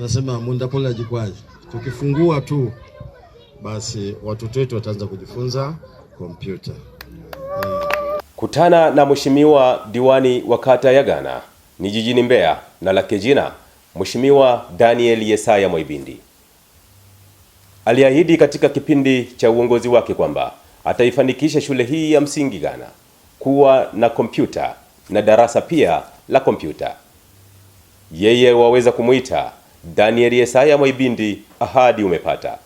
Nasema College Jikwaji, tukifungua tu basi watoto wetu wataanza kujifunza kompyuta. Kutana na Mheshimiwa diwani wa kata ya Ghana ni jijini Mbeya na lake jina Mheshimiwa Daniel Yesaya Mwaibindi aliahidi katika kipindi cha uongozi wake kwamba ataifanikisha shule hii ya msingi Ghana kuwa na kompyuta na darasa pia la kompyuta. Yeye waweza kumuita Danieli Yesaya Mwaibindi, ahadi umepata.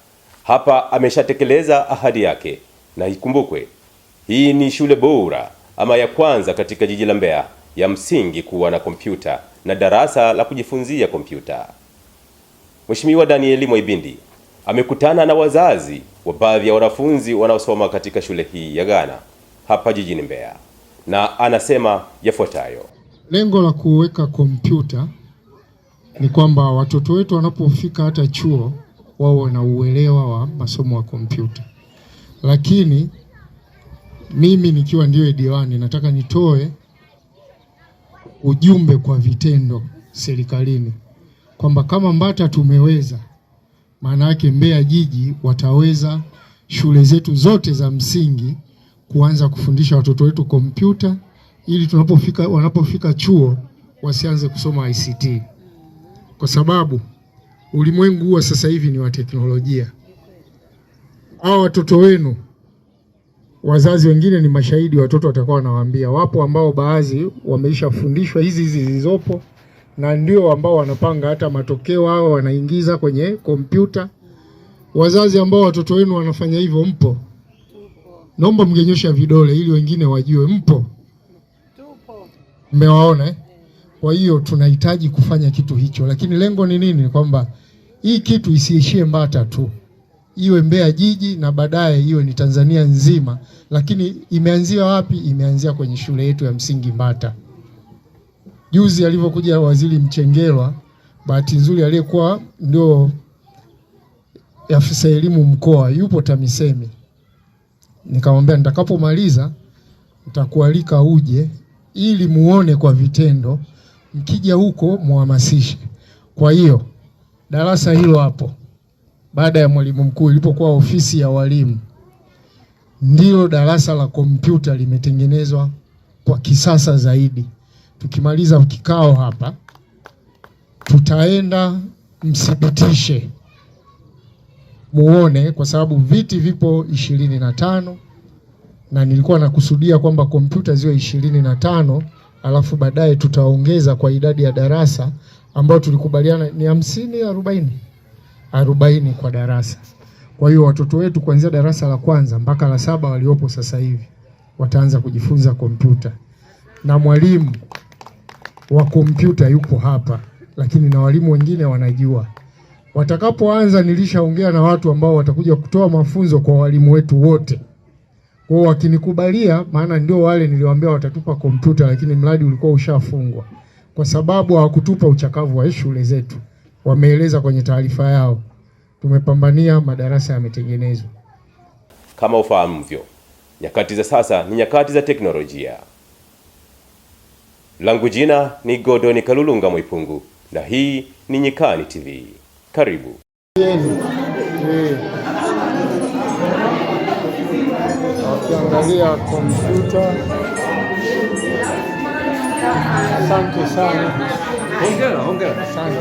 Hapa ameshatekeleza ahadi yake, na ikumbukwe hii ni shule bora ama ya kwanza katika jiji la Mbeya ya msingi kuwa na kompyuta na darasa la kujifunzia kompyuta. Mheshimiwa Danieli Mwaibindi amekutana na wazazi wa baadhi ya wanafunzi wanaosoma katika shule hii ya Ghana hapa jijini Mbeya, na anasema yafuatayo: lengo la kuweka kompyuta ni kwamba watoto wetu wanapofika hata chuo wao wana uelewa wa masomo ya kompyuta, lakini mimi nikiwa ndiyo diwani nataka nitoe ujumbe kwa vitendo serikalini kwamba kama Mbata tumeweza, maana yake Mbeya jiji wataweza. Shule zetu zote za msingi kuanza kufundisha watoto wetu kompyuta ili tunapofika, wanapofika chuo wasianze kusoma ICT kwa sababu ulimwengu huu sasa hivi ni wa teknolojia. Hao watoto wenu, wazazi wengine ni mashahidi, watoto watakuwa wanawaambia. Wapo ambao baadhi wameishafundishwa hizi hizi zilizopo, na ndio ambao wanapanga hata matokeo hao wanaingiza kwenye kompyuta. Wazazi ambao watoto wenu wanafanya hivyo, mpo, naomba mgenyosha vidole ili wengine wajue mpo, mmewaona eh? Kwa hiyo tunahitaji kufanya kitu hicho, lakini lengo ni nini? kwamba hii kitu isiishie Mbata tu, iwe Mbeya jiji na baadaye iwe ni Tanzania nzima. Lakini imeanzia wapi? Imeanzia kwenye shule yetu ya msingi Mbata. Juzi alivyokuja Waziri Mchengerwa, bahati nzuri aliyekuwa ndio afisa elimu mkoa yupo TAMISEMI, nikamwambia nitakapomaliza nitakualika uje ili muone kwa vitendo mkija huko muhamasishe. Kwa hiyo darasa hilo hapo, baada ya mwalimu mkuu, ilipokuwa ofisi ya walimu, ndilo darasa la kompyuta limetengenezwa kwa kisasa zaidi. Tukimaliza kikao hapa, tutaenda msibitishe, muone, kwa sababu viti vipo ishirini na tano na nilikuwa nakusudia kwamba kompyuta ziwe ishirini na tano alafu baadaye tutaongeza kwa idadi ya darasa ambayo tulikubaliana ni hamsini arobaini arobaini kwa darasa. Kwa hiyo watoto wetu kuanzia darasa la kwanza mpaka la saba waliopo sasa hivi wataanza kujifunza kompyuta, na mwalimu wa kompyuta yupo hapa, lakini na walimu wengine wanajua. Watakapoanza, nilishaongea na watu ambao watakuja kutoa mafunzo kwa walimu wetu wote kwa wakinikubalia, maana ndio wale niliwaambia watatupa kompyuta, lakini mradi ulikuwa ushafungwa kwa sababu hawakutupa uchakavu wa shule zetu. Wameeleza kwenye taarifa yao, tumepambania madarasa yametengenezwa. Kama ufahamvyo, nyakati za sasa ni nyakati za teknolojia. Langu jina ni Godoni Kalulunga Mwipungu na hii ni Nyikani TV. Karibu. Yeah. Eh. Yeah. ukiangalia kompyuta. Asante sana, hongera, hongera. Asante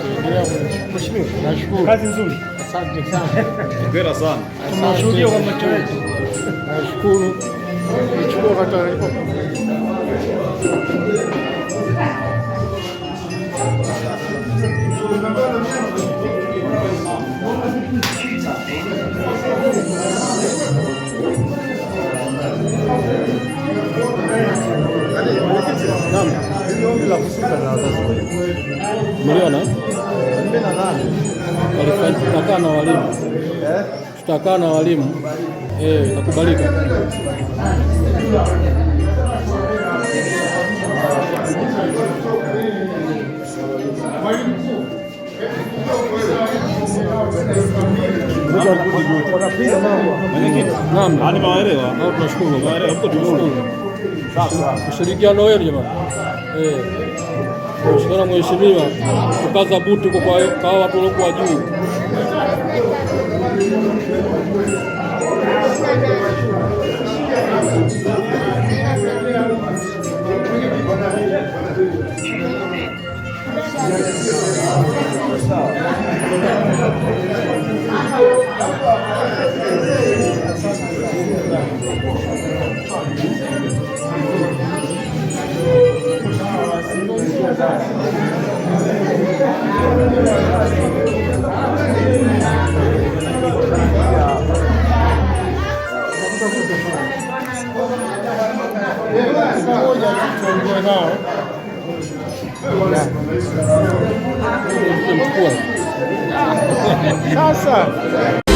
mheshimiwa, nashukuru, kazi nzuri. Asante sana, hongera sana, tunashuhudia kwa macho yetu. Nashukuru, nichukua hata Mliona? Mimi eh, na Tutakaa na walimu. Eh? Tutakaa na walimu. Eh, nakubalika. Naam. Ah, tunashukuru. Ushirikiano wenu jamani. Eh. Mheshimiwa Mheshimiwa, kukaza butu kwa kwa watu waliokuwa juu Sasa dạ. dạ, dạ.